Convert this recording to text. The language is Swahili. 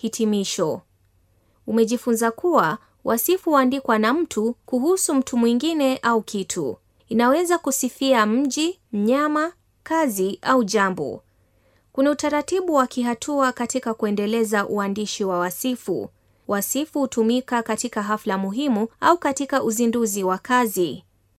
Hitimisho: umejifunza kuwa wasifu huandikwa na mtu kuhusu mtu mwingine au kitu. Inaweza kusifia mji, mnyama, kazi au jambo. Kuna utaratibu wa kihatua katika kuendeleza uandishi wa wasifu. Wasifu hutumika katika hafla muhimu au katika uzinduzi wa kazi.